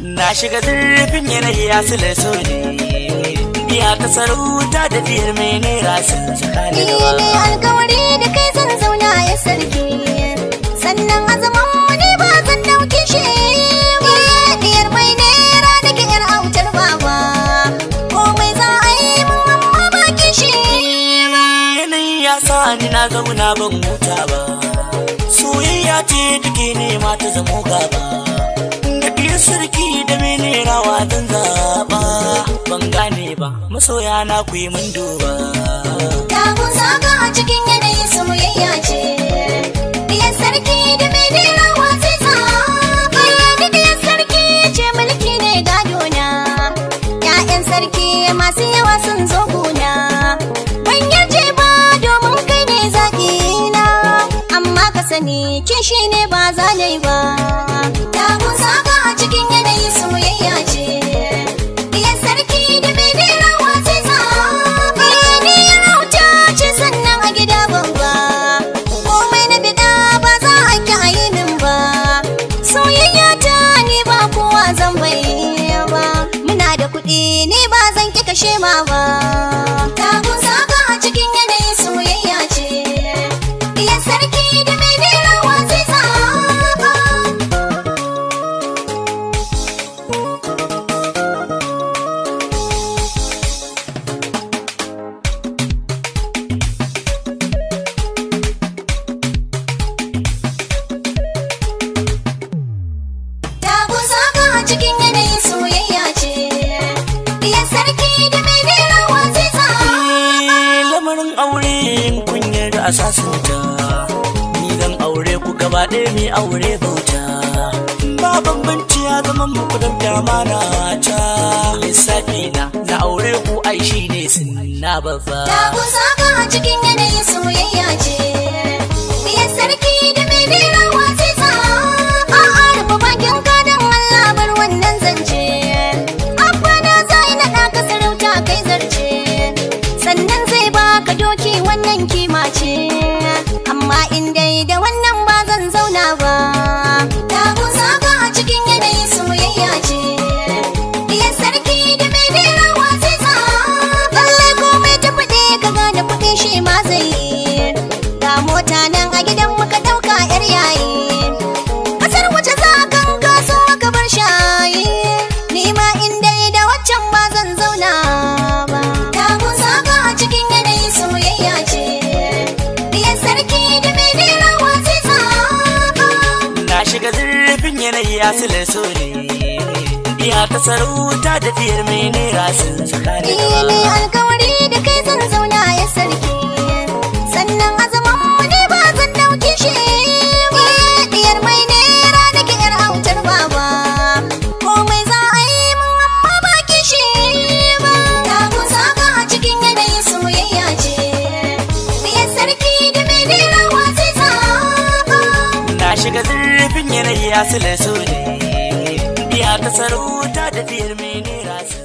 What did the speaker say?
na shiga zurfin yanayi ya su laso ne biya ta sarauta da biyar mai naira sun cika da gaba ne alkawari da kai zan zauna ya sarki sannan a zaman wani ba zan dauke shi ba mai naira da ke autar baba komai za a yi mun amma ba kishi ba yanayi ya sa ni na zauna ban wuta ba soyayya ce take nema ta zamo gaba da biyar sarki abin ba ban gane ba masoya na ku yi mun duba ta kun saka a cikin yanayin soyayya ce biyan sarki da mai nera wace ta bayyana biyan sarki ce mulki ne gado na ya'yan sarki masu yawa sun zo gona ban yarje ba domin kai ne zaɓi na amma ka sani kin shi ne ba zalai ba zan ki kashe ma ba a sasanta ni zan aure ku gaba ɗaya mi aure bauta ba bambanci ya zama muku da damana ta lissafi na na aure ku ai shine sunna babba ta ku saka a cikin yanayin soyayya kima ce amma in dai da wannan ba zan zauna ba ta mu zaka a cikin yanayin soyayya ce iya sarki da mai rawa sai za lallai komai ta faɗe ka gane kuɗin shi ma zai yi wannan yanayi ya sile so ne iya ta sarauta da fiyar mai naira sun da ba. alkawari da kai. sarrafin yanayi ya sule sule ya ta sarauta da biyar mai rasu